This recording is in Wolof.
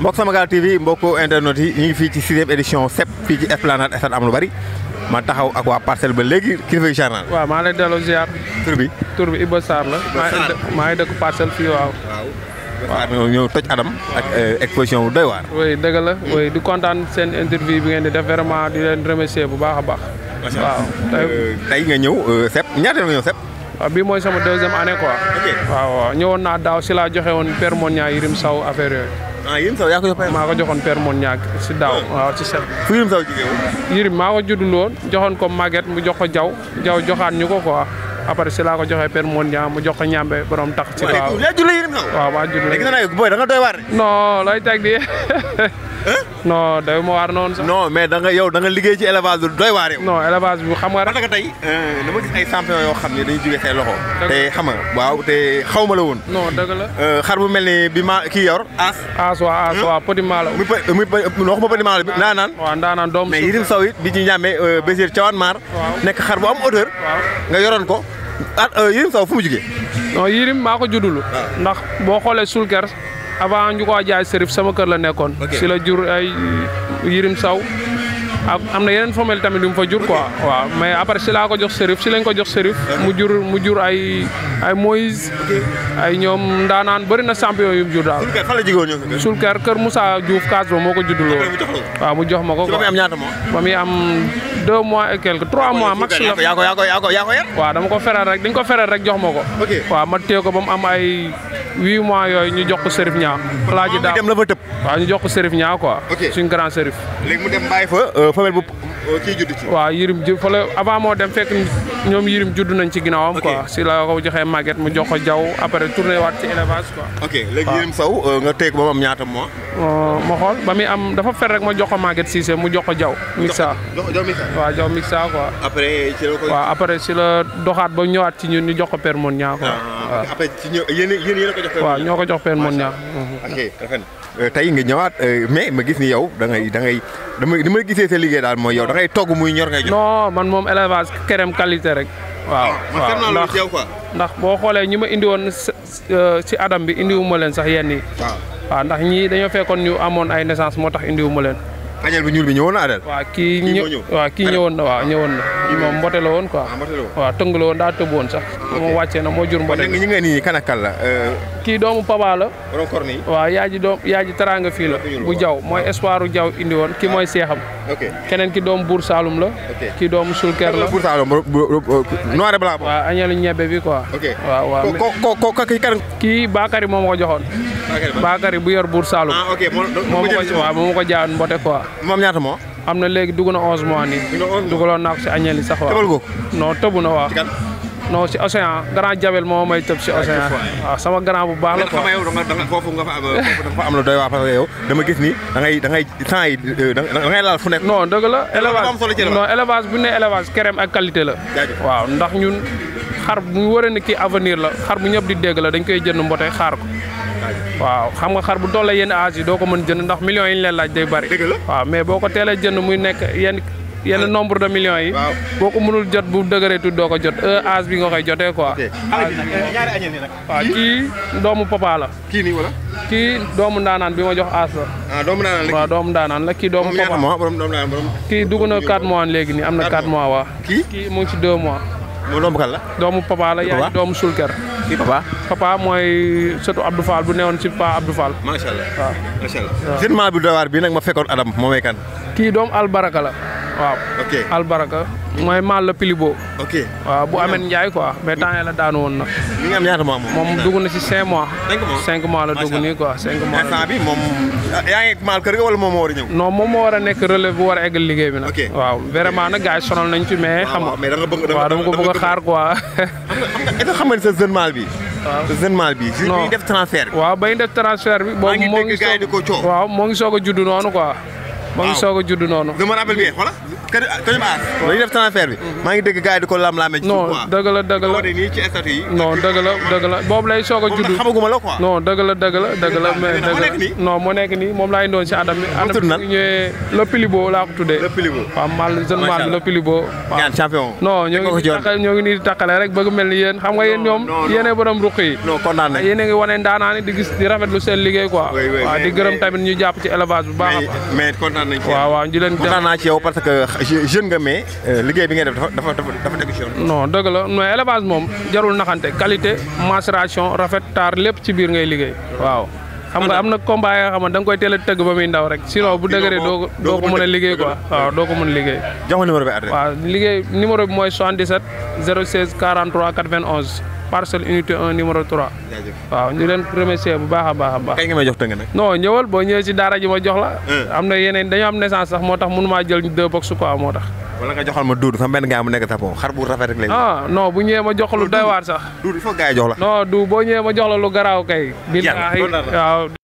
mbokk Samagal TV mbokk internet ñu ngi ci édition CEB fii ci Esplanade Stade Amadou Barry ma taxaw ak waa parcelle ba léegi kilifa yi charnal. waa maa lay delloo ziar. tur bi tur bi Iba Sarr la. maa ngi dëkk parcelle fii waaw. waa ñëw toj Adam. ak eh, exposition bu doy waar. oui dëgg la mm. oui di kontaan seen interview bi ngeen di def vraiment di leen remercier bu baax a baax. waaw euh, tey nga ñëw euh, Sepp ñaata nga ñëw Sepp. waaw bii mooy sama deuxième année quoi. waaw waaw ñëwoon naa daaw si laa joxe woon Père Monia Yirim Sow affaire yooyu. ah Yérim Sow yaa ko maa ko joxoon père Mon Ñaag si daaw ah. waaw si set. maa ko juddul woon joxoon ko Maguette mu jox ko Jaw Jaw joxaat ñu ko quoi après si laa ko joxe per Mon Ñaag mu jox ko ñàmbe borom tax. ci waaw waaw yaa juddul Yérim Sow waaw maa juddul. léegi nag looy teg di. non day ma waar noonu sax. no mais danga nga yow da liggéey ci élevage bi doy waar yow. non élevage bi xam nga rek. parce que euh, yoo xam ne dañuy jógee say loxo. xam nga waaw te xaw ma la woon. non dëgg la. Euh, xar bu mel ni bi ma kii yor. as as waaw as waaw petit maalo. muy pe muy pe waxuma petit maalo bi ah, ndaanaan. waaw ndaanaan doomu mais Yirim Sow bi ci ñàmmee euh, Bésir Thiawane Mar. nekk xar bu am hauteur. nga yoroon ko. ah Yirim Sow fu mu jugee. non Yirim maa ko ah. ndax boo xoolee sulker avant ñu ko jaay Serif sama kër la nekkoon. si la jur ay Yirim Saw. am yenen yeneen femelle tamit yu fa jur quoi wa mais après si ko jox Serif ci lañ ko jox Serif mu jur mu jur ay ay moise ay ñom ndanan bari na champion yu mu jur daal Sulker keur Moussa Diouf kaas moko moo wa mu jox mako ko ba muy am deux mois et quelques trois mois max la wa dama ko feral rek dañ ko feral rek jox mako wa ma téye ko bam am ay 8 mois yoy ñu jox ko Serif ñaa la ba tepp wa ñu jox ko Serif ñaa quoi suñu grand Serif léegi mu dem bàyyi fa euh, Euh, femelle bu oh, kii judd ci. waaw yirim avant moo dem fekk ñoom yirim judd nañ ci ginnaawam. quoi si la ko joxee màgget mu jox ko jaww après tourné waat ci élevage quoi. ok léegi yirim saw euh, nga teg ba mu am euh, ma am dafa fer ma jox ko màgget siise mu jox ko jaww. mixa jaww mixa waaw jaww mixa quoi. après si la doxaat ba waat ci ñu ñu jox ko permoon ñaa quoi. Ah, ah, waaw après ci ñoom yéen yéen yéen ñoo ko jox permoon ñaa. Euh, tey nga ñëwaat euh, mais ma gis ni yow da ngay da ngay damay li ma gisee sa liggéey daal mooy yow da ngay togg muy ñor ngay jox. non man moom élevage crème qualité rek. waaw ah, waaw ndax ndax boo xoolee ñi ma indi woon euh, si adam bi indiwu ma leen sax yenn yi. Ah. waaw ndax ñii dañoo fekkoon ñu amoon ay naissance moo tax indiwu ma leen. añal bi ñuul bi ñëwoon na Adel. waaw kii ñë waaw kii ñëwoon na waaw ñëwoon na. moom mbote la woon quoi. Ah, waaw tëng la woon daa tëb woon sax. moom wàccee na moo jur mbote bi. ñu ngi nii kan ak euh, kii doomu Papa la. borom korni yi. yaa ji doom yaa ji fii la. bu jaw mooy ah. espoiru jaw indi woon kii ah. mooy seexam. keneen ki doomu Buur Saalum la. ki doomu Sulker la. Buur Saalum noir blanc. waaw añalu ñebe bi quoi. waaw waaw ko ko ko kii Bakary moo ma ko joxoon Bakary bu yor Buur Saalum. ah ok moo ko ci moo ma mbote quoi. moom ñaata moo. am na léegi dugg na onze mois nii. dugaloon naa ko si añeel yi sax si océan grand jabel moo may tëb si ah, océan waaw ah, sama grand bu baax la quoi mais xam nga yow foofu dama gis ni da ngay da ngay temps yi euh, da ngay laal fu nekk. non bu ne élevage kerem ak qualité la. waaw ndax ñun xar bu wëree ni kii avenir la xar mu ñëpp di dégg la dañ koy jënd mboote xaar ko. waaw xam nga xar bu toll yenn âge doo ko mën jënd ndax millions yi ñu leen laaj day bari waaw mais boo ko teelee jënd muy nekk yenn yenn ah. nombre de millions yi boo ko mënul jot bu dëgëree tuut doo ko jot âge bi nga koy jotee quoi waaw kii doomu papa la kii doomu ndaanaan bi ma jox ah, aas la waaw doomu ndaanaan la kii doomu papa kii dugg na 4 mois léegi nii am na 4 mois waa kii mu ngi ci 2 mois doomu papa la yaay doomu sulker kii papa mooy sëtu Abdou Fall bu newoon si pa Abdou Fall. macha allah waaw macha allah. bi doy waar nag ma fekkoon Adam moomay kan. kii doom albaraka la. waaw albaraka mooy maal la pilibo boo waaw bu ameen Ndiaye quoi mais temps yii la daanu woon na. mi moom. moom dugg na ci cinq mois. cinq mois la dugg nii quoi cinq mois. instant bi moom yaa ngi maal kër moom moo war a ñëw. moom moo nekk relève bu war a eggal liggéey bi nag. waaw vraiment nag gars yi sonal nañ ci mais. xam nga mais da nga bëgg waaw dama ko a xaar quoi. est sa jeune maal bi. waaw jeune mâle bi. non bi def transfert bi. waaw bay def transfert bi. boobu moo ngi soog waaw moo ngi soog a juddu noonu quoi moo ngi soog a judd noonu. dama rappel bi xoolal. kër kër maas ma ngi def sama affaire bi maa ngi dégg gars yi di ko lam-laame ci non dëgg la dëgg la ni ci état yi non dëgg la dëgg la boobu lay soog a judd xamaguma la quoi non dëgg la dëgg la dëgg la mais dëgg non moo nekk nii moom laay doon si adam bi adam bi ñëwee le pilibo laa ko tuddee le pilibo waaw mal jeune mal le pilibo gaan champion non ñoo ngi takkal ñoo ngi nii di takkale rek bëgg mel ni yéen xam nga yéen ñoom yéenee borom ruq yi non kontaan nañ yéen a ngi wane di gis di rafetlu seen liggéey quoi di gërëm tamit ñu jàpp ci élevage bu baax mais kontaan nañ waaw waaw ñu leen kontaan ci yow parce que jeune nga mais liggéey bi ngay def dafa dafa dafa ci yoon. non dëgg la mais élevage moom jarul naxanté qualité macération rafet tar lepp ci biir ngay liggéey waaw. xam nga amna combat ya xam ne da koy teel a tëgg ba muy ndaw rek sinon bu dëgëré do ko mëna ko liggéey quoi waaw do ko mëna a liggéey. jox numéro bi adresse waaw liggéey numéro bi moy 77 016 43 91. parcelle unité 1 numéro 3. waaw ñu leen remercier bu baax a baax a baax. kay ñëwal boo ñëwee si daara ji ma jox la. am na yeneen dañoo am naissance sax moo tax mënu maa jël deux box quoi moo tax. wala nga joxal ma duud sax benn gaa mu nekk tapon xar bu rafet rek ah, bu ñëwee ma jox lu doy waar sax. duud il faut gaa yi jox la. non du boo ñëwee ma jox la lu garaaw kay. yàlla waaw.